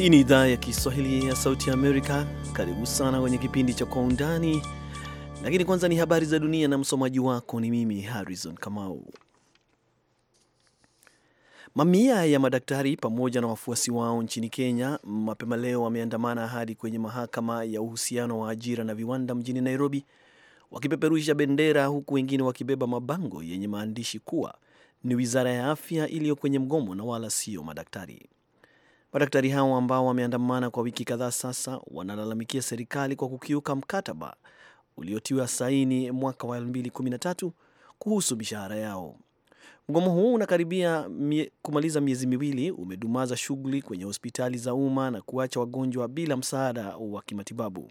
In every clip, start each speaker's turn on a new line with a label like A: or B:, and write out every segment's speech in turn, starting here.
A: Hii ni idhaa ya Kiswahili ya Sauti ya Amerika. Karibu sana kwenye kipindi cha Kwa Undani, lakini kwanza ni habari za dunia na msomaji wako ni mimi Harrison Kamau. Mamia ya madaktari pamoja na wafuasi wao nchini Kenya mapema leo wameandamana hadi kwenye mahakama ya uhusiano wa ajira na viwanda mjini Nairobi, wakipeperusha bendera, huku wengine wakibeba mabango yenye maandishi kuwa ni wizara ya afya iliyo kwenye mgomo na wala sio madaktari. Madaktari hao ambao wameandamana kwa wiki kadhaa sasa wanalalamikia serikali kwa kukiuka mkataba uliotiwa saini mwaka wa 2013 kuhusu mishahara yao. Mgomo huu unakaribia mie, kumaliza miezi miwili umedumaza shughuli kwenye hospitali za umma na kuacha wagonjwa bila msaada wa kimatibabu.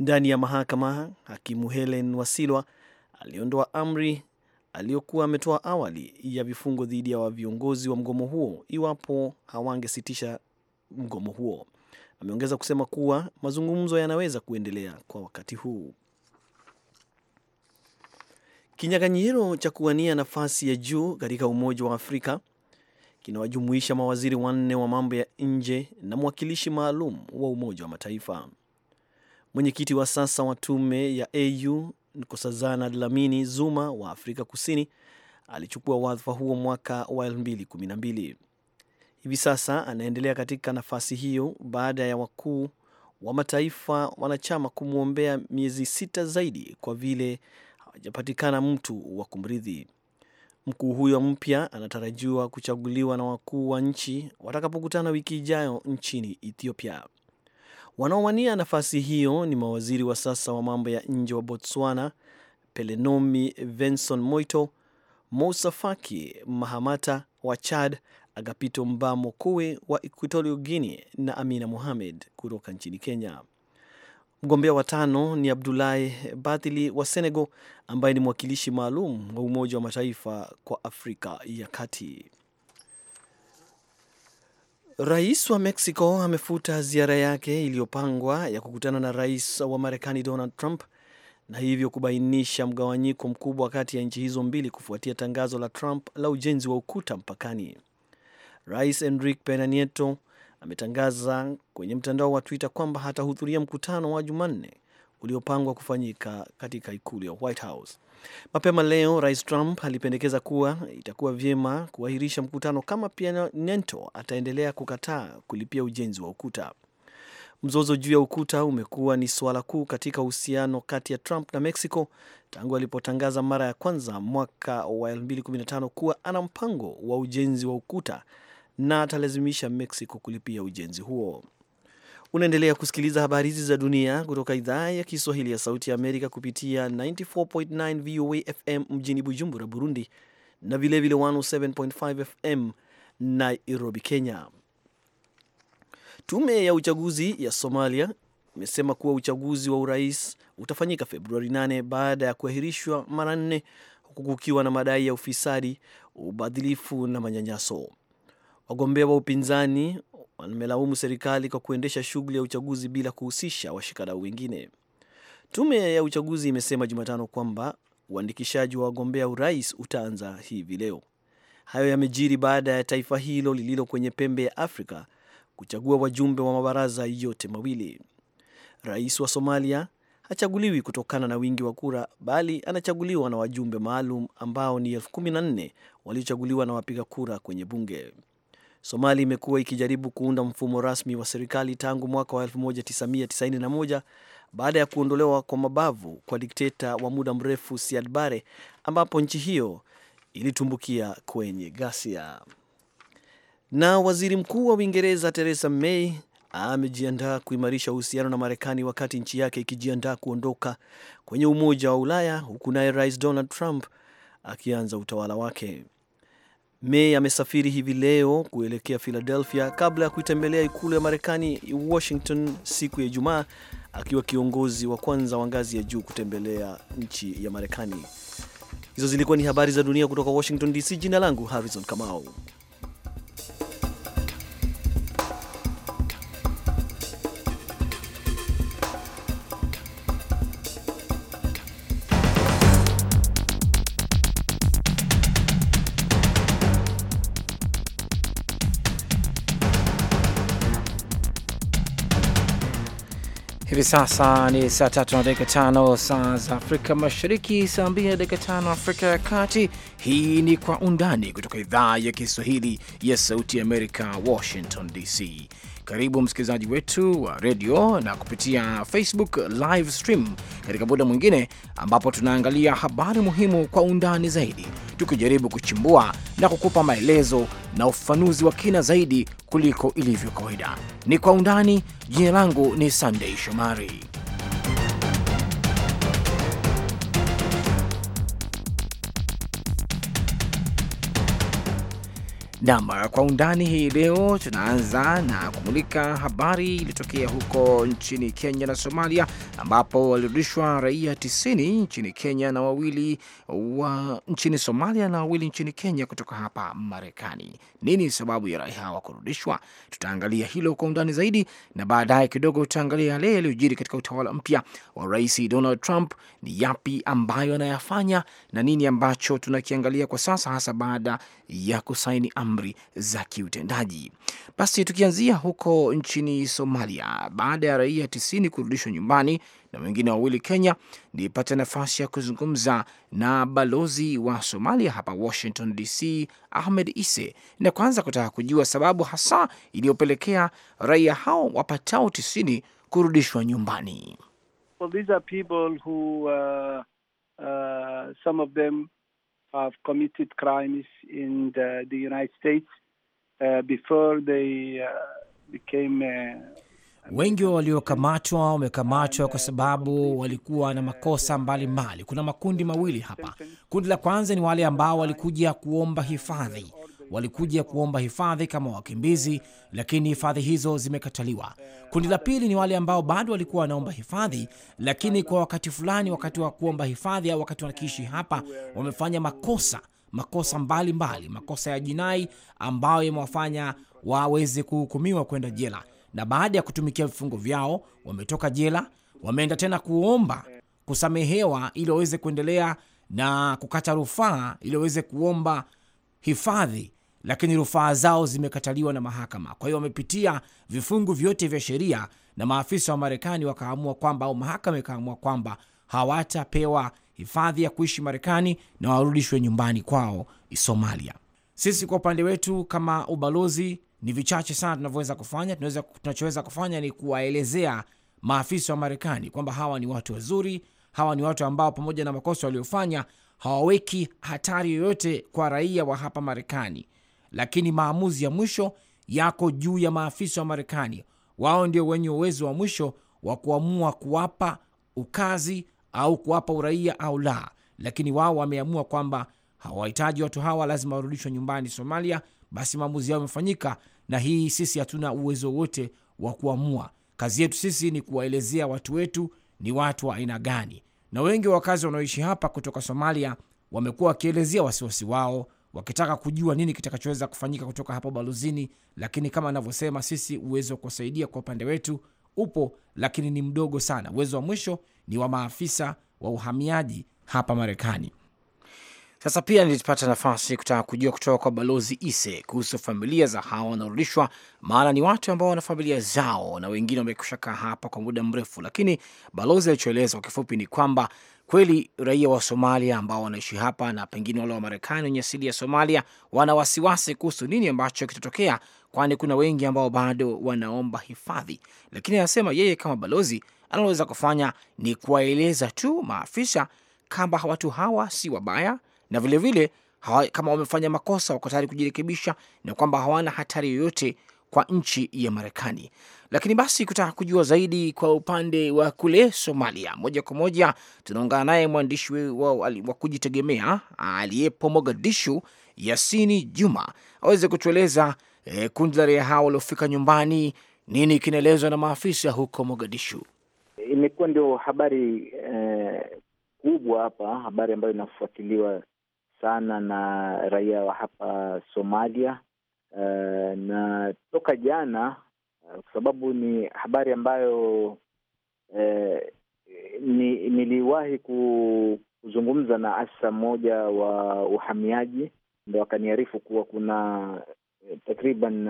A: Ndani ya mahakama, hakimu Helen Wasilwa aliondoa amri aliyokuwa ametoa awali ya vifungo dhidi ya viongozi wa mgomo huo iwapo hawangesitisha mgomo huo. Ameongeza kusema kuwa mazungumzo yanaweza kuendelea kwa wakati huu. Kinyaganyiro cha kuwania nafasi ya juu katika Umoja wa Afrika kinawajumuisha mawaziri wanne wa mambo ya nje na mwakilishi maalum wa Umoja wa Mataifa. Mwenyekiti wa sasa wa tume ya AU Nkosazana Dlamini Zuma wa Afrika Kusini alichukua wadhifa huo mwaka wa 2012. Hivi sasa anaendelea katika nafasi hiyo baada ya wakuu wa mataifa wanachama kumwombea miezi sita zaidi kwa vile hawajapatikana mtu wa kumrithi. Mkuu huyo mpya anatarajiwa kuchaguliwa na wakuu wa nchi watakapokutana wiki ijayo nchini Ethiopia. Wanaowania nafasi hiyo ni mawaziri wa sasa wa mambo ya nje wa Botswana, Pelenomi Venson Moito, Moussa Faki Mahamata wa Chad, Agapito Mba Kowe wa Equatorial Guinea na Amina Mohamed kutoka nchini Kenya. Mgombea wa tano ni Abdulahi Bathili wa Senegal ambaye ni mwakilishi maalum wa Umoja wa Mataifa kwa Afrika ya Kati. Rais wa Mexico amefuta ziara yake iliyopangwa ya kukutana na rais wa Marekani Donald Trump na hivyo kubainisha mgawanyiko mkubwa kati ya nchi hizo mbili kufuatia tangazo la Trump la ujenzi wa ukuta mpakani. Rais Enrique Pena Nieto ametangaza kwenye mtandao wa Twitter kwamba hatahudhuria mkutano wa Jumanne uliopangwa kufanyika katika ikulu ya White House. Mapema leo Rais Trump alipendekeza kuwa itakuwa vyema kuahirisha mkutano kama Pianento ataendelea kukataa kulipia ujenzi wa ukuta. Mzozo juu ya ukuta umekuwa ni suala kuu katika uhusiano kati ya Trump na Mexico tangu alipotangaza mara ya kwanza mwaka wa 2015 kuwa ana mpango wa ujenzi wa ukuta na atalazimisha Mexico kulipia ujenzi huo. Unaendelea kusikiliza habari hizi za dunia kutoka idhaa ya Kiswahili ya Sauti ya Amerika kupitia 94.9 VOA FM mjini Bujumbura, Burundi, na vilevile 107.5 FM Nairobi, Kenya. Tume ya uchaguzi ya Somalia imesema kuwa uchaguzi wa urais utafanyika Februari 8 baada ya kuahirishwa mara nne, huku kukiwa na madai ya ufisadi, ubadhilifu na manyanyaso. Wagombea wa upinzani wamelaumu serikali kwa kuendesha shughuli ya uchaguzi bila kuhusisha washikadau wengine. Tume ya uchaguzi imesema Jumatano kwamba uandikishaji wa wagombea urais utaanza hivi leo. Hayo yamejiri baada ya taifa hilo lililo kwenye pembe ya Afrika kuchagua wajumbe wa mabaraza yote mawili. Rais wa Somalia hachaguliwi kutokana na wingi wa kura, bali anachaguliwa na wajumbe maalum ambao ni elfu kumi na nne waliochaguliwa na wapiga kura kwenye bunge somali imekuwa ikijaribu kuunda mfumo rasmi wa serikali tangu mwaka wa 1991 baada ya kuondolewa kwa mabavu kwa dikteta wa muda mrefu Siad Barre, ambapo nchi hiyo ilitumbukia kwenye ghasia. Na waziri mkuu wa Uingereza Theresa May amejiandaa kuimarisha uhusiano na Marekani wakati nchi yake ikijiandaa kuondoka kwenye Umoja wa Ulaya, huku naye Rais Donald Trump akianza utawala wake. May amesafiri hivi leo kuelekea Philadelphia kabla ya kuitembelea ikulu ya Marekani Washington siku ya Ijumaa, akiwa kiongozi wa kwanza wa ngazi ya juu kutembelea nchi ya Marekani. Hizo zilikuwa ni habari za dunia kutoka Washington DC. Jina langu Harrison Kamau.
B: sasa ni saa tatu na dakika tano saa za Afrika Mashariki, saa mbili na dakika tano Afrika ya Kati. Hii ni Kwa Undani kutoka idhaa ya Kiswahili ya Sauti ya Amerika, Washington DC. Karibu msikilizaji wetu wa redio na kupitia Facebook live stream katika muda mwingine ambapo tunaangalia habari muhimu kwa undani zaidi, tukijaribu kuchimbua na kukupa maelezo na ufafanuzi wa kina zaidi kuliko ilivyo kawaida. Ni kwa undani. Jina langu ni sandei Shomari. Nam kwa undani hii leo tunaanza na kumulika habari iliyotokea huko nchini Kenya na Somalia ambapo walirudishwa raia 90 nchini Kenya na wawili wa nchini Somalia na wawili nchini Kenya kutoka hapa Marekani. Nini sababu ya raia hawa kurudishwa? Tutaangalia hilo kwa undani zaidi, na baadaye kidogo tutaangalia yale yaliyojiri katika utawala mpya wa Rais Donald Trump. Ni yapi ambayo anayafanya na nini ambacho tunakiangalia kwa sasa, hasa baada ya kusaini amri za kiutendaji. Basi tukianzia huko nchini Somalia, baada ya raia 90 kurudishwa nyumbani na wengine wawili Kenya, nilipata nafasi ya kuzungumza na balozi wa Somalia hapa Washington DC, Ahmed ise na kwanza kutaka kujua sababu hasa iliyopelekea raia hao wapatao tisini kurudishwa nyumbani.
C: Well, these are people who, uh, uh, some of them have committed crimes in the, the United States, uh, before they, uh, became, uh,
B: Wengi wa waliokamatwa wamekamatwa kwa sababu walikuwa na makosa mbalimbali mbali. Kuna makundi mawili hapa. Kundi la kwanza ni wale ambao walikuja kuomba hifadhi, walikuja kuomba hifadhi kama wakimbizi, lakini hifadhi hizo zimekataliwa. Kundi la pili ni wale ambao bado walikuwa wanaomba hifadhi, lakini kwa wakati fulani, wakati wa kuomba hifadhi au wakati wanakiishi hapa, wamefanya makosa makosa mbalimbali mbali, makosa ya jinai ambayo yamewafanya waweze kuhukumiwa kwenda jela na baada ya kutumikia vifungo vyao wametoka jela, wameenda tena kuomba kusamehewa ili waweze kuendelea na kukata rufaa ili waweze kuomba hifadhi, lakini rufaa zao zimekataliwa na mahakama. Kwa hiyo wamepitia vifungu vyote vya sheria na maafisa wa Marekani wakaamua kwamba, au mahakama ikaamua kwamba hawatapewa hifadhi ya kuishi Marekani na warudishwe nyumbani kwao Somalia. Sisi kwa upande wetu kama ubalozi ni vichache sana tunavyoweza kufanya. Tunachoweza kufanya ni kuwaelezea maafisa wa Marekani kwamba hawa ni watu wazuri, hawa ni watu ambao pamoja na makosa waliofanya hawaweki hatari yoyote kwa raia wa hapa Marekani, lakini maamuzi ya mwisho yako juu ya maafisa wa Marekani. Wao ndio wenye uwezo wa mwisho wa kuamua kuwapa ukazi au kuwapa uraia au la, lakini wao wameamua kwamba hawahitaji watu hawa, lazima warudishwe nyumbani Somalia basi maamuzi yao yamefanyika, na hii sisi hatuna uwezo wote wa kuamua. Kazi yetu sisi ni kuwaelezea watu wetu ni watu wa aina gani, na wengi wa wakazi wanaoishi hapa kutoka Somalia wamekuwa wakielezea wasiwasi wao wakitaka kujua nini kitakachoweza kufanyika kutoka hapa ubalozini. Lakini kama anavyosema, sisi uwezo wa kuwasaidia kwa upande wetu upo, lakini ni mdogo sana. Uwezo wa mwisho ni wa maafisa wa uhamiaji hapa Marekani. Sasa pia nilipata nafasi kutaka kujua kutoka kwa balozi Ise kuhusu familia za hawa wanaorudishwa, maana ni watu ambao wana familia zao na wengine wamekusha kaa hapa kwa muda mrefu. Lakini balozi alichoeleza kwa kifupi ni kwamba kweli raia wa Somalia ambao wanaishi hapa na pengine wale wa Marekani wenye asili ya Somalia wana wasiwasi kuhusu nini ambacho kitatokea, kwani kuna wengi ambao bado wanaomba hifadhi. Lakini anasema yeye kama balozi analoweza kufanya ni kuwaeleza tu maafisa kamba watu hawa si wabaya na vilevile vile, kama wamefanya makosa wako tayari kujirekebisha na kwamba hawana hatari yoyote kwa nchi ya Marekani. Lakini basi kutaka kujua zaidi kwa upande wa kule Somalia, moja kwa moja tunaungana naye mwandishi wa, wa, wa kujitegemea aliyepo Mogadishu, Yasini Juma, aweze kutueleza eh, kundi la raia hao waliofika nyumbani, nini kinaelezwa na maafisa huko Mogadishu.
C: Imekuwa ndio habari eh, kubwa hapa, habari ambayo inafuatiliwa sana na raia wa hapa Somalia. Uh, na toka jana eh, kwa sababu ni habari ambayo uh, ni, niliwahi kuzungumza na afisa mmoja wa uhamiaji, ndo akaniarifu kuwa kuna takriban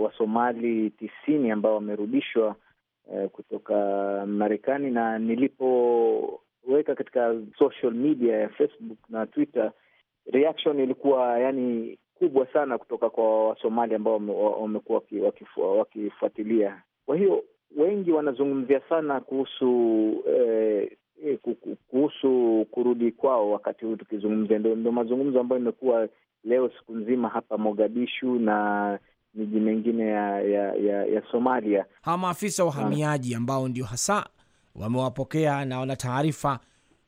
C: wasomali wa tisini ambao wamerudishwa uh, kutoka Marekani na nilipo weka katika social media ya Facebook na Twitter, reaction ilikuwa yani kubwa sana kutoka kwa Wasomali ambao wamekuwa wakifuatilia. Kwa hiyo wengi wanazungumzia sana kuhusu eh, eh kuhusu kurudi kwao wakati huu tukizungumzia, ndo, ndo mazungumzo ambayo imekuwa leo siku nzima hapa Mogadishu na miji mengine ya, ya, ya, ya Somalia.
B: Hawa maafisa wa uhamiaji ambao ndio hasa wamewapokea na wana taarifa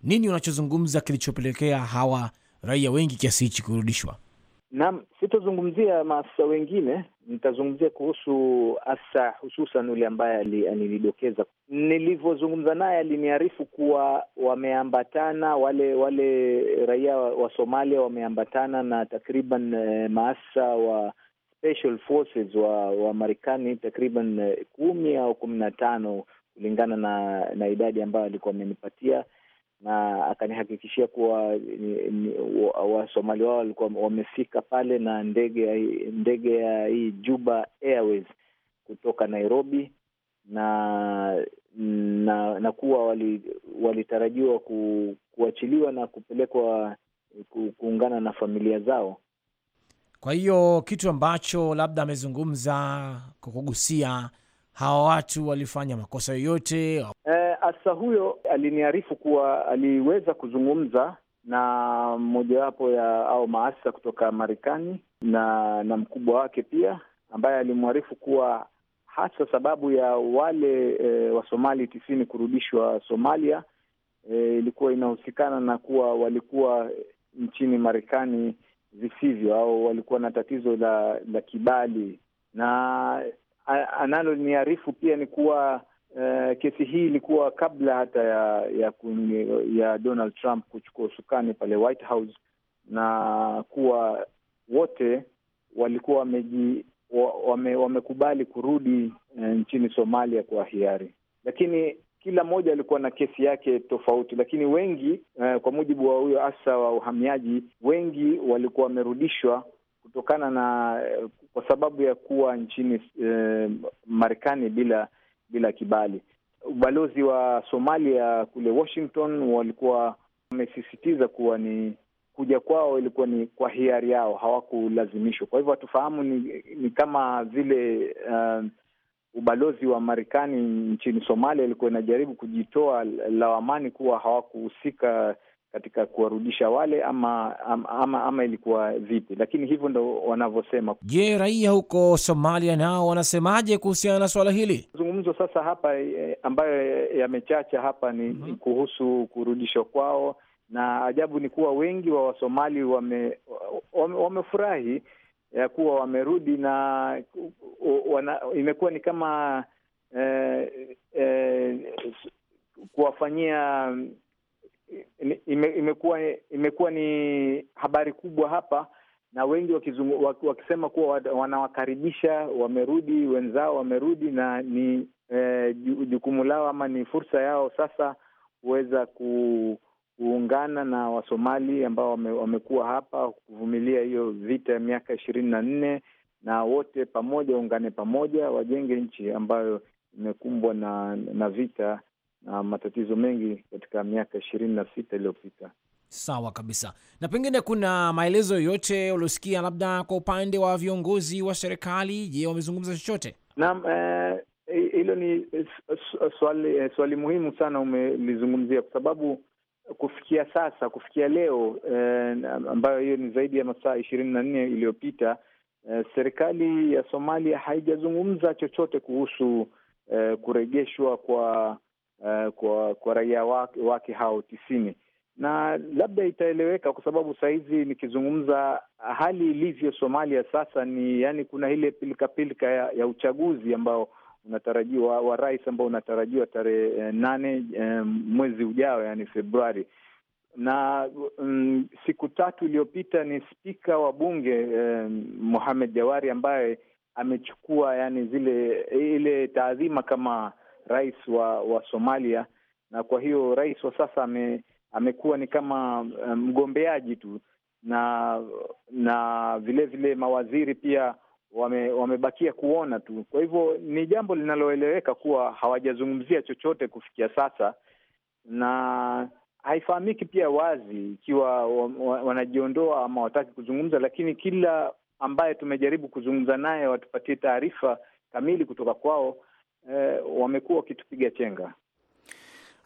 B: nini wanachozungumza kilichopelekea hawa raia wengi kiasi hichi kurudishwa?
C: nam sitozungumzia maafisa wengine, nitazungumzia kuhusu afisa hususan yule ambaye alinidokeza. Nilivyozungumza naye, aliniarifu kuwa wameambatana wale wale raia wa Somalia wameambatana na takriban eh, maafisa wa special forces wa wa Marekani takriban eh, kumi au kumi na tano kulingana na na idadi ambayo alikuwa amenipatia, na akanihakikishia kuwa wasomali wao walikuwa wamefika pale na ndege ya ndege ya hii Juba Airways kutoka Nairobi na na, na kuwa walitarajiwa wali kuachiliwa na kupelekwa kuungana na familia zao.
B: Kwa hiyo kitu ambacho labda amezungumza kwa kugusia hawa watu walifanya makosa yoyote?
C: Eh, afisa huyo aliniarifu kuwa aliweza kuzungumza na mojawapo ya au maafisa kutoka Marekani na na mkubwa wake pia, ambaye alimwarifu kuwa hasa sababu ya wale e, eh, Wasomali tisini kurudishwa Somalia eh, ilikuwa e, inahusikana na kuwa walikuwa nchini Marekani visivyo au walikuwa na tatizo la la kibali, na niarifu pia ni kuwa uh, kesi hii ilikuwa kabla hata ya ya, kuni, ya Donald Trump kuchukua usukani pale White House, na kuwa wote walikuwa wameji wame, wamekubali kurudi eh, nchini Somalia kwa hiari, lakini kila mmoja alikuwa na kesi yake tofauti, lakini wengi eh, kwa mujibu wa huyo afisa wa uhamiaji, wengi walikuwa wamerudishwa kutokana na eh, kwa sababu ya kuwa nchini eh, Marekani bila bila kibali. Ubalozi wa Somalia kule Washington walikuwa wamesisitiza kuwa ni kuja kwao ilikuwa ni kwa hiari yao, hawakulazimishwa. Kwa hivyo hatufahamu ni, ni kama vile uh, ubalozi wa Marekani nchini Somalia ilikuwa inajaribu kujitoa lawamani kuwa hawakuhusika katika kuwarudisha wale ama, ama, ama, ama ilikuwa
B: vipi? Lakini hivyo ndo wanavyosema. Je, raia huko Somalia nao wanasemaje kuhusiana na swala hili?
C: Mazungumzo sasa hapa eh, ambayo yamechacha hapa ni mm -hmm. kuhusu kurudishwa kwao, na ajabu ni kuwa wengi wa Wasomali wame, wame, wamefurahi ya kuwa wamerudi na wana, imekuwa ni kama eh, eh, kuwafanyia ime, imekuwa imekuwa ni habari kubwa hapa na wengi wakizungu, wakisema kuwa wanawakaribisha wamerudi, wenzao wamerudi, na ni eh, jukumu lao ama ni fursa yao sasa kuweza ku, kuungana na Wasomali ambao wame, wamekuwa hapa kuvumilia hiyo vita ya miaka ishirini na nne na wote pamoja waungane pamoja wajenge nchi ambayo imekumbwa na, na vita na matatizo mengi katika miaka ishirini na sita iliyopita.
B: Sawa kabisa. Na pengine kuna maelezo yoyote uliosikia labda kwa upande wa viongozi wa serikali? Je, wamezungumza chochote? Naam,
C: eh, hilo eh, ni swali, swali muhimu sana umelizungumzia kwa sababu kufikia sasa, kufikia leo eh, ambayo hiyo ni zaidi ya masaa ishirini na nne iliyopita eh, serikali ya Somalia haijazungumza chochote kuhusu eh, kurejeshwa kwa Eh, kwa kwa raia wake, wake hao tisini na labda itaeleweka kwa sababu sahizi nikizungumza hali ilivyo Somalia sasa ni yani, kuna ile pilikapilika ya, ya uchaguzi ambao unatarajiwa wa rais ambao unatarajiwa tarehe eh, nane eh, mwezi ujao yani Februari na mm, siku tatu iliyopita ni spika wa bunge eh, Mohamed Jawari ambaye amechukua yani zile ile taadhima kama rais wa wa Somalia, na kwa hiyo rais wa sasa ame, amekuwa ni kama eh, mgombeaji tu, na na vile vile mawaziri pia wame, wamebakia kuona tu. Kwa hivyo ni jambo linaloeleweka kuwa hawajazungumzia chochote kufikia sasa, na haifahamiki pia wazi ikiwa wanajiondoa ama wataki kuzungumza, lakini kila ambaye tumejaribu kuzungumza naye watupatie taarifa kamili kutoka kwao eh, wamekuwa wakitupiga chenga.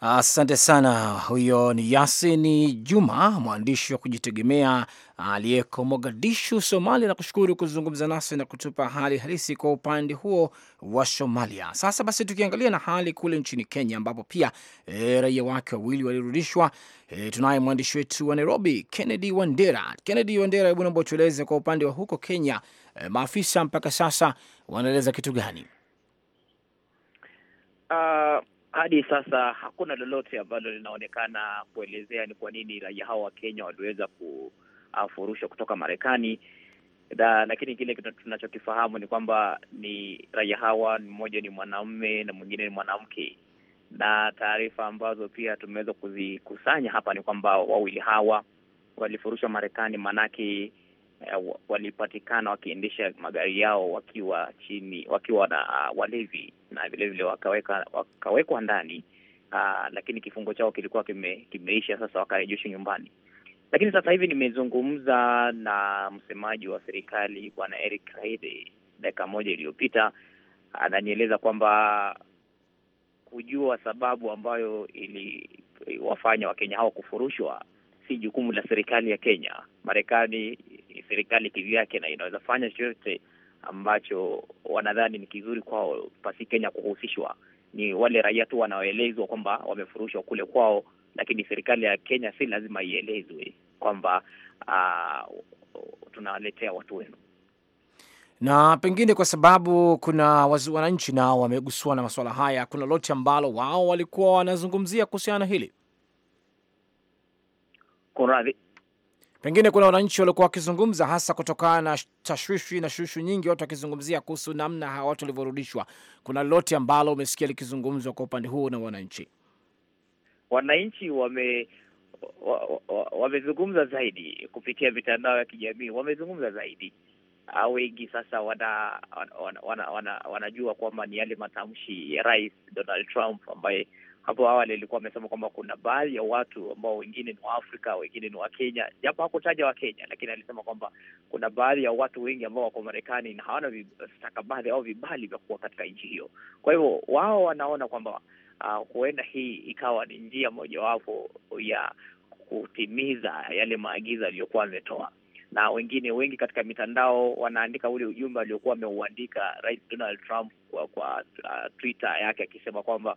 B: Asante sana. Huyo ni Yasini Juma, mwandishi wa kujitegemea aliyeko Mogadishu, Somalia, na kushukuru kuzungumza nasi na kutupa hali halisi kwa upande huo wa Somalia. Sasa basi, tukiangalia na hali kule nchini Kenya, ambapo pia e, raia wake wawili walirudishwa. E, tunaye mwandishi wetu wa Nairobi, Kennedy Wandera. Kennedy Wandera, hebu naomba tueleze kwa upande wa huko Kenya, e, maafisa mpaka sasa wanaeleza kitu gani?
D: Ah, hadi sasa hakuna lolote ambalo linaonekana kuelezea ni kwa nini raia hao wa Kenya waliweza kufurushwa kutoka Marekani da, lakini kile tunachokifahamu ni kwamba ni raia hawa mmoja ni mwanaume na mwingine ni mwanamke, na taarifa ambazo pia tumeweza kuzikusanya hapa ni kwamba wawili hawa walifurushwa Marekani maanake uh, walipatikana wakiendesha magari yao wakiwa chini, wakiwa na uh, walevi na vilevile wakaweka wakawekwa ndani uh, lakini kifungo chao kilikuwa kime, kimeisha, sasa wakarejeshwa nyumbani. Lakini sasa hivi nimezungumza na msemaji wa serikali Bwana Eric Raide dakika moja iliyopita, ananieleza kwamba kujua sababu ambayo iliwafanya Wakenya hao kufurushwa si jukumu la serikali ya Kenya. Marekani serikali kivyake, na inaweza fanya chochote ambacho wanadhani ni kizuri kwao pasi Kenya kuhusishwa. Ni wale raia tu wanaoelezwa kwamba wamefurushwa kule kwao, lakini serikali ya Kenya si lazima ielezwe kwamba uh, tunawaletea watu wenu
B: na pengine kwa sababu kuna wananchi nao wamegusua na masuala haya, kuna lote ambalo wao walikuwa wanazungumzia kuhusiana na hili. Pengine kuna wananchi waliokuwa wakizungumza hasa kutokana na tashwishi na shushu nyingi, watu wakizungumzia kuhusu namna hawa watu walivyorudishwa. Kuna lolote ambalo umesikia likizungumzwa kwa upande huo na wananchi?
D: Wananchi wame wamezungumza zaidi kupitia mitandao ya kijamii, wamezungumza zaidi. Ah, wengi sasa wana, wana, wana, wana, wanajua kwamba ni yale matamshi ya Rais Donald Trump ambaye hapo awali alikuwa amesema kwamba kuna baadhi ya watu ambao wengine ni Waafrika, wengine ni Wakenya, japo hakutaja Wakenya, lakini alisema kwamba kuna baadhi ya watu wengi ambao wako Marekani na hawana stakabadhi au vibali vya kuwa katika nchi hiyo. Kwa hivyo wao wanaona kwamba uh, huenda hii ikawa ni njia mojawapo ya kutimiza yale maagizo aliyokuwa ametoa na wengine wengi katika mitandao wanaandika ule ujumbe aliokuwa ameuandika Rais Donald Trump kwa, kwa uh, Twitter yake akisema kwamba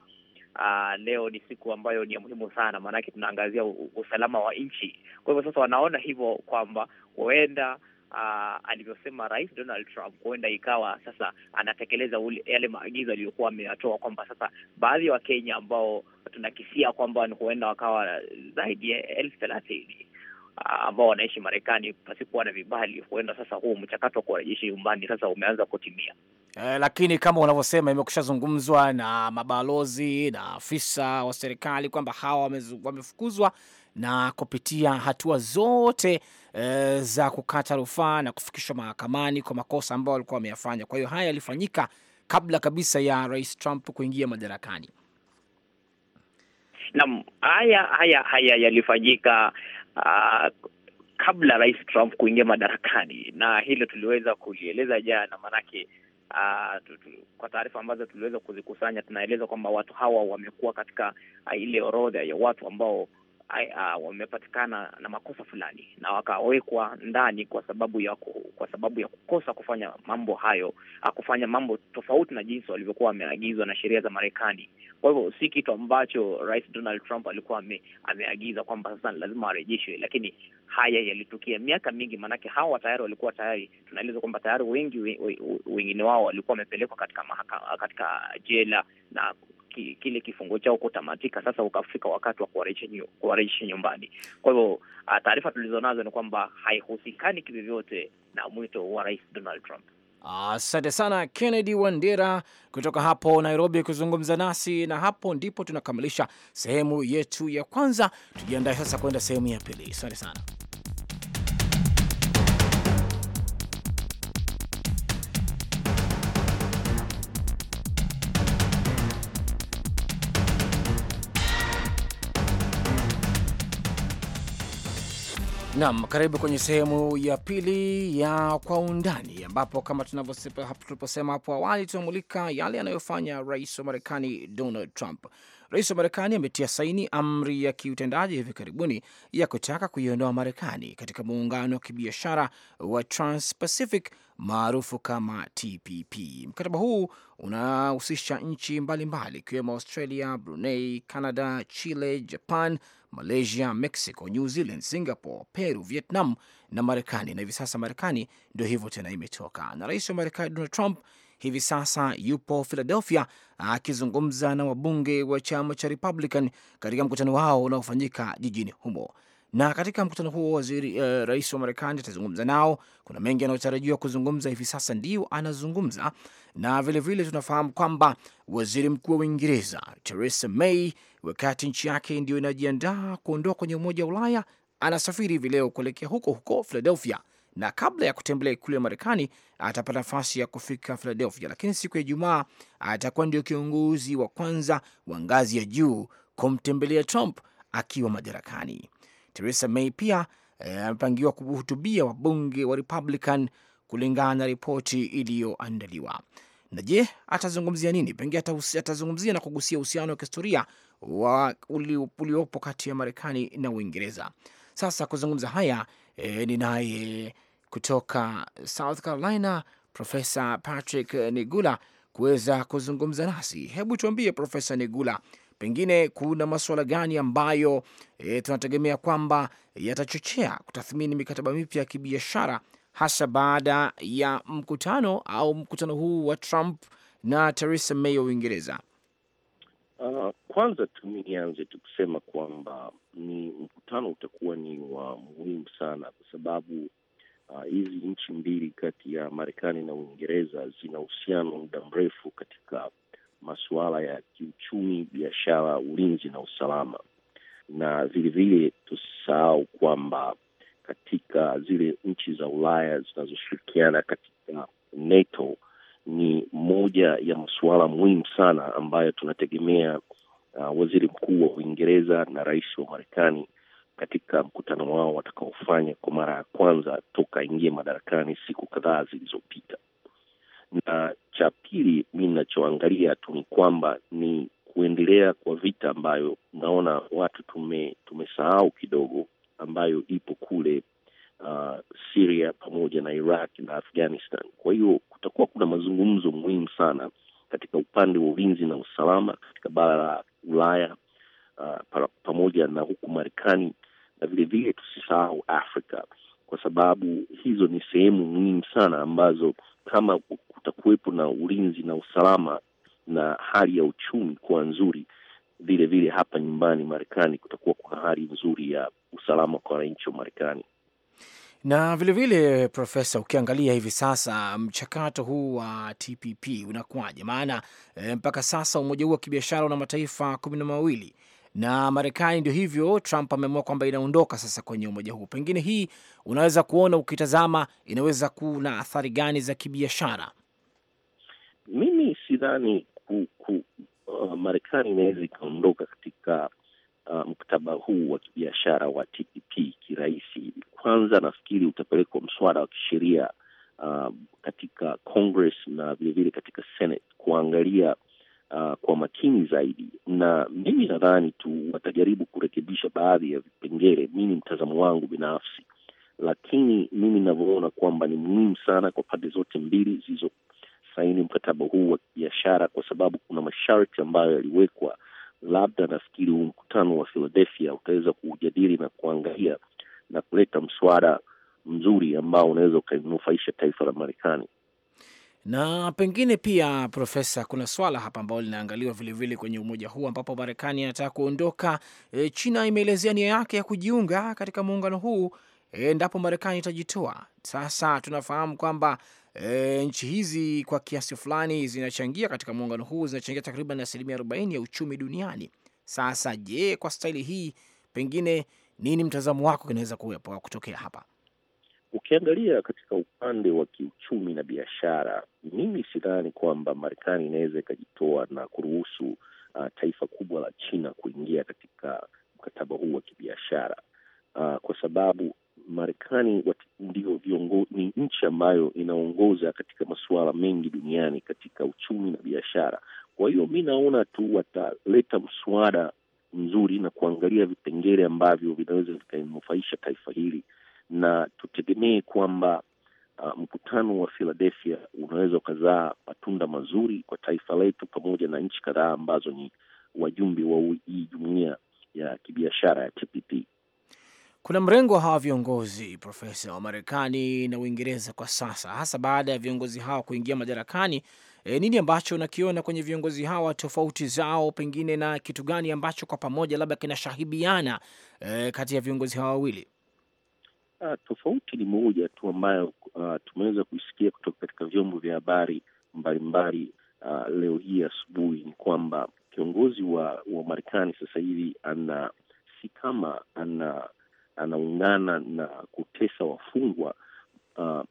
D: Aa, ah, leo ni siku ambayo ni ya muhimu sana, maanake tunaangazia usalama wa nchi. Kwa hivyo sasa wanaona hivyo kwamba huenda Uh, alivyosema Rais Donald Trump huenda ikawa sasa anatekeleza ule, yale maagizo aliyokuwa ameyatoa kwamba sasa baadhi ya wa Wakenya ambao tunakisia kwamba huenda wakawa zaidi ya elfu thelathini uh, ambao wanaishi Marekani pasikuwa na vibali, huenda sasa huu mchakato wa kuwarejesha nyumbani sasa umeanza kutimia.
B: Eh, lakini kama unavyosema imekushazungumzwa na mabalozi na afisa wa serikali kwamba hawa wamefukuzwa na kupitia hatua zote e, za kukata rufaa na kufikishwa mahakamani kwa makosa ambayo walikuwa wameyafanya. Kwa hiyo haya yalifanyika kabla kabisa ya Rais Trump kuingia madarakani.
D: Naam, haya haya haya yalifanyika uh, kabla Rais Trump kuingia madarakani, na hilo tuliweza kulieleza jana, maanake Uh, kwa taarifa ambazo tuliweza kuzikusanya tunaeleza kwamba watu hawa wamekuwa katika uh, ile orodha ya watu ambao uh, wamepatikana na makosa fulani na wakawekwa ndani kwa sababu ya kwa sababu ya kukosa kufanya mambo hayo, ah, kufanya mambo tofauti na jinsi walivyokuwa wameagizwa na sheria za Marekani. Kwa hivyo si kitu ambacho Rais Donald Trump alikuwa ame, ameagiza kwamba sasa lazima warejeshwe, lakini haya yalitukia miaka mingi, maanake hawa tayari walikuwa tayari, tunaeleza kwamba tayari wengi wengine wao walikuwa wamepelekwa katika mahaka, katika jela na ki, kile kifungo chao kutamatika, sasa ukafika wakati wa kuwarejesha nyumbani. Kwa hivyo ah, taarifa tulizonazo ni kwamba haihusikani kivyovyote na mwito wa Rais Donald Trump.
B: Asante sana Kennedy Wandera kutoka hapo Nairobi kuzungumza nasi, na hapo ndipo tunakamilisha sehemu yetu ya kwanza. Tujiandae sasa kwenda sehemu ya pili. Asante sana. Naam, karibu kwenye sehemu ya pili ya Kwa Undani, ambapo kama tuliposema hapo awali tunamulika yale anayofanya rais wa Marekani Donald Trump Rais wa Marekani ametia saini amri ya kiutendaji hivi karibuni ya kutaka kuiondoa Marekani katika muungano wa kibiashara wa transpacific maarufu kama TPP. Mkataba huu unahusisha nchi mbalimbali ikiwemo Australia, Brunei, Canada, Chile, Japan, Malaysia, Mexico, New Zealand, Singapore, Peru, Vietnam na Marekani. Na hivi sasa Marekani ndio hivyo tena imetoka, na rais wa Marekani Donald Trump hivi sasa yupo Philadelphia akizungumza na wabunge wa chama cha Republican katika mkutano wao unaofanyika jijini humo. Na katika mkutano huo waziri, uh, rais wa Marekani atazungumza nao. Kuna mengi anayotarajiwa kuzungumza, hivi sasa ndio anazungumza, na vilevile vile tunafahamu kwamba waziri mkuu wa Uingereza Theresa May, wakati nchi yake ndio inajiandaa kuondoa kwenye Umoja wa Ulaya, anasafiri hivi leo kuelekea huko huko Philadelphia na kabla ya kutembelea ikulu ya Marekani atapata nafasi ya kufika Philadelphia, lakini siku ya Ijumaa atakuwa ndio kiongozi wa kwanza wa ngazi ya juu kumtembelea Trump akiwa madarakani. Theresa May pia eh, amepangiwa eh, kuhutubia wabunge wa Republican kulingana na ripoti iliyoandaliwa. Na je, atazungumzia nini? Pengine atazungumzia na kugusia uhusiano wa kihistoria uliopo kati ya Marekani na Uingereza. Sasa kuzungumza haya, e, ninaye kutoka South Carolina, Profesa Patrick Nigula kuweza kuzungumza nasi. Hebu tuambie Profesa Nigula, pengine kuna masuala gani ambayo e, tunategemea kwamba yatachochea kutathmini mikataba mipya ya kibiashara hasa baada ya mkutano au mkutano huu wa Trump na Theresa May wa Uingereza?
E: Uh, kwanza tu nianze tu kusema kwamba ni mkutano utakuwa ni wa muhimu sana, kwa sababu Ah, hizi uh, nchi mbili kati ya Marekani na Uingereza zina uhusiano muda mrefu katika masuala ya kiuchumi, biashara, ulinzi na usalama, na vilevile tusisahau kwamba katika zile nchi za Ulaya zinazoshirikiana katika NATO ni moja ya masuala muhimu sana ambayo tunategemea uh, waziri mkuu wa Uingereza na rais wa Marekani katika mkutano wao watakaofanya kwa mara ya kwanza toka ingie madarakani siku kadhaa zilizopita. Na cha pili mi nachoangalia tu ni kwamba ni kuendelea kwa vita ambayo naona watu tume, tumesahau kidogo ambayo ipo kule uh, Syria pamoja na Iraq na Afghanistan. Kwa hiyo kutakuwa kuna mazungumzo muhimu sana katika upande wa ulinzi na usalama katika bara la Ulaya uh, pamoja na huku Marekani na vilevile tusisahau Afrika, kwa sababu hizo ni sehemu muhimu sana ambazo kama kutakuwepo na ulinzi na usalama na hali ya uchumi kuwa nzuri, vile vile hapa nyumbani Marekani kutakuwa kuna hali nzuri ya usalama kwa wananchi wa Marekani
B: na vilevile Profesa, ukiangalia hivi sasa mchakato huu wa TPP unakuwaje? Maana e, mpaka sasa umoja huu wa kibiashara una mataifa kumi na mawili na Marekani ndio hivyo, Trump ameamua kwamba inaondoka sasa kwenye umoja huu. Pengine hii unaweza kuona ukitazama, inaweza kuna na athari gani za kibiashara?
E: Mimi sidhani ku, ku, uh, Marekani inaweza ikaondoka katika uh, mkataba huu wa kibiashara wa TPP kirahisi. Kwanza nafikiri utapelekwa mswada wa kisheria uh, katika Congress na vilevile katika Senate kuangalia uh, kwa makini zaidi, na mimi nadhani tu watajaribu kurekebisha baadhi ya vipengele. Mi ni mtazamo wangu binafsi, lakini mimi ninavyoona kwamba ni muhimu sana kwa pande zote mbili zilizosaini mkataba huu wa kibiashara, kwa sababu kuna masharti ambayo yaliwekwa. Labda nafikiri huu mkutano wa Philadelphia utaweza kuujadili na kuangalia na kuleta mswada mzuri ambao unaweza ukanufaisha taifa la Marekani.
B: Na pengine pia, Profesa, kuna swala hapa ambalo linaangaliwa vilevile kwenye umoja huu ambapo Marekani anataka kuondoka. E, China imeelezea nia yake ya kujiunga katika muungano huu e, endapo Marekani itajitoa. Sasa tunafahamu kwamba e, nchi hizi kwa kiasi fulani zinachangia katika muungano huu, zinachangia takriban asilimia arobaini ya uchumi duniani. Sasa je, kwa staili hii pengine nini mtazamo wako kinaweza kuwepo kutokea hapa?
E: Ukiangalia katika upande wa kiuchumi na biashara, mimi sidhani kwamba Marekani inaweza ikajitoa na kuruhusu uh, taifa kubwa la China kuingia katika mkataba huu wa kibiashara uh, kwa sababu Marekani ndio ni nchi ambayo inaongoza katika masuala mengi duniani katika uchumi na biashara. Kwa hiyo mi naona tu wataleta mswada mzuri na kuangalia vipengele ambavyo vinaweza vikanufaisha taifa hili na tutegemee kwamba uh, mkutano wa Philadelphia unaweza ukazaa matunda mazuri kwa taifa letu pamoja na nchi kadhaa ambazo ni wajumbe wa hii jumuia ya kibiashara ya TPP.
B: Kuna mrengo wa hawa viongozi profesa wa Marekani na Uingereza kwa sasa, hasa baada ya viongozi hawa kuingia madarakani. E, nini ambacho unakiona kwenye viongozi hawa, tofauti zao pengine, na kitu gani ambacho kwa pamoja labda kinashahibiana e, kati ya viongozi hawa wawili?
E: Uh, tofauti ni moja tu ambayo uh, tumeweza kuisikia kutoka katika vyombo vya habari mbalimbali uh, leo hii asubuhi ni kwamba kiongozi wa, wa Marekani sasa hivi ana si kama ana anaungana na kutesa wafungwa uh,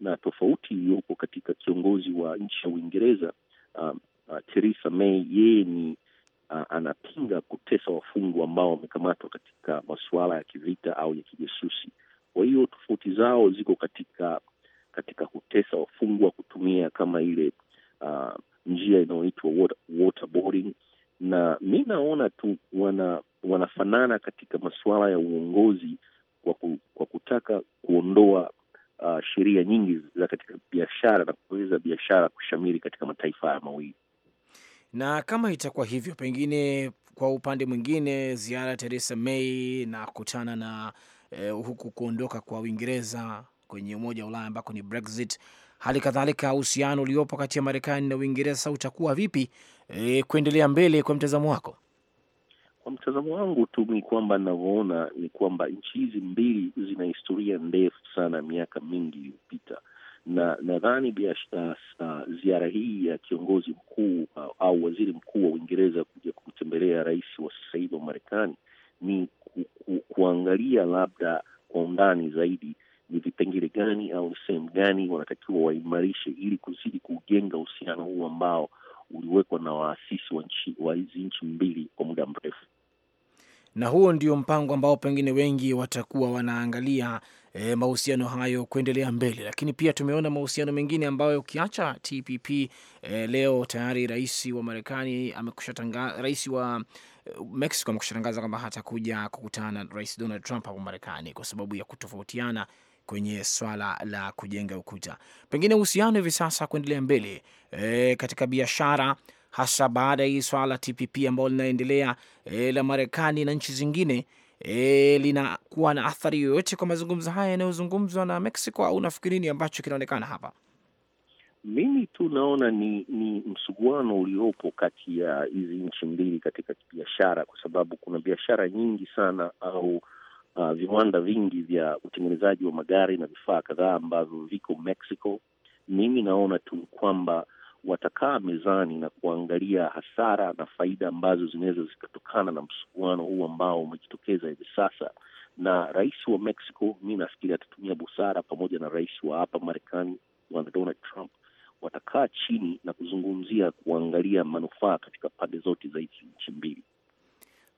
E: na tofauti iliyopo katika kiongozi wa nchi ya Uingereza uh, uh, Theresa May, yeye ni uh, anapinga kutesa wafungwa ambao wamekamatwa katika masuala ya kivita au ya kijasusi. Kwa hiyo tofauti zao ziko katika katika kutesa wafungwa kutumia kama ile uh, njia inayoitwa waterboarding na mi naona tu wana wanafanana katika masuala ya uongozi kwa, ku, kwa kutaka kuondoa uh, sheria nyingi za katika biashara na kuweza biashara kushamiri katika mataifa haya mawili.
B: Na kama itakuwa hivyo, pengine kwa upande mwingine, ziara ya Theresa May na kukutana na eh, huku kuondoka kwa Uingereza kwenye Umoja wa Ulaya ambako ni Brexit, hali kadhalika uhusiano uliopo kati ya Marekani na Uingereza utakuwa vipi eh, kuendelea mbele? Kwa mtazamo wako?
E: Kwa mtazamo wangu tu ni kwamba ninavyoona ni kwamba nchi hizi mbili zina historia ndefu sana, miaka mingi iliyopita, na nadhani ah, ah, ziara hii ya kiongozi mkuu ah, au waziri mkuu wa Uingereza kuja kumtembelea rais wa sasa hivi wa Marekani ni ku, ku, kuangalia labda kwa undani zaidi ni vipengele gani au ni sehemu gani wanatakiwa waimarishe ili kuzidi kuujenga uhusiano huu ambao uliwekwa na waasisi wa hizi nchi mbili kwa muda mrefu
B: na huo ndio mpango ambao pengine wengi watakuwa wanaangalia e, mahusiano hayo kuendelea mbele, lakini pia tumeona mahusiano mengine ambayo ukiacha TPP e, eh, leo tayari rais wa Marekani amekushatangaza, rais wa eh, Mexico amekushatangaza kwamba hatakuja kukutana na rais Donald Trump hapo Marekani kwa sababu ya kutofautiana kwenye swala la kujenga ukuta. Pengine uhusiano hivi sasa kuendelea mbele e, katika biashara hasa baada ya hii swala la TPP ambalo linaendelea e, la Marekani na nchi zingine e, linakuwa na athari yoyote kwa mazungumzo haya yanayozungumzwa na Mexico au nafikiri nini ambacho kinaonekana hapa?
E: Mimi tu naona ni, ni msuguano uliopo kati ya hizi nchi mbili katika biashara, kwa sababu kuna biashara nyingi sana au uh, viwanda vingi vya utengenezaji wa magari na vifaa kadhaa ambavyo viko Mexico. Mimi naona tu kwamba watakaa mezani na kuangalia hasara na faida ambazo zinaweza zikatokana na msuguano huu ambao umejitokeza hivi sasa. Na rais wa Mexico, mi nafikiri atatumia busara, pamoja na rais wa hapa Marekani bwana Donald Trump, watakaa chini na kuzungumzia kuangalia manufaa katika pande zote za hizi nchi mbili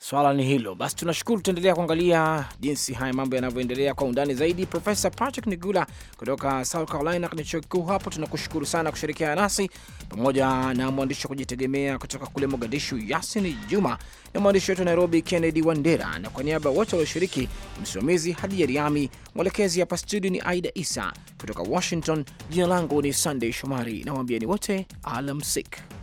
B: swala ni hilo. Basi tunashukuru, tutaendelea kuangalia jinsi haya mambo yanavyoendelea kwa undani zaidi. Profesa Patrick Nigula kutoka South Carolina kwenye chuo kikuu hapo, tunakushukuru sana kushirikiana nasi, pamoja na mwandishi wa kujitegemea kutoka kule Mogadishu Yasin Juma na mwandishi wetu wa Nairobi Kennedy Wandera, na kwa niaba ya wote walioshiriki, msimamizi Hadija Riami, mwelekezi hapa studio ni Aida Isa kutoka Washington. Jina langu ni sandey Shomari, nawaambieni wote alamsik.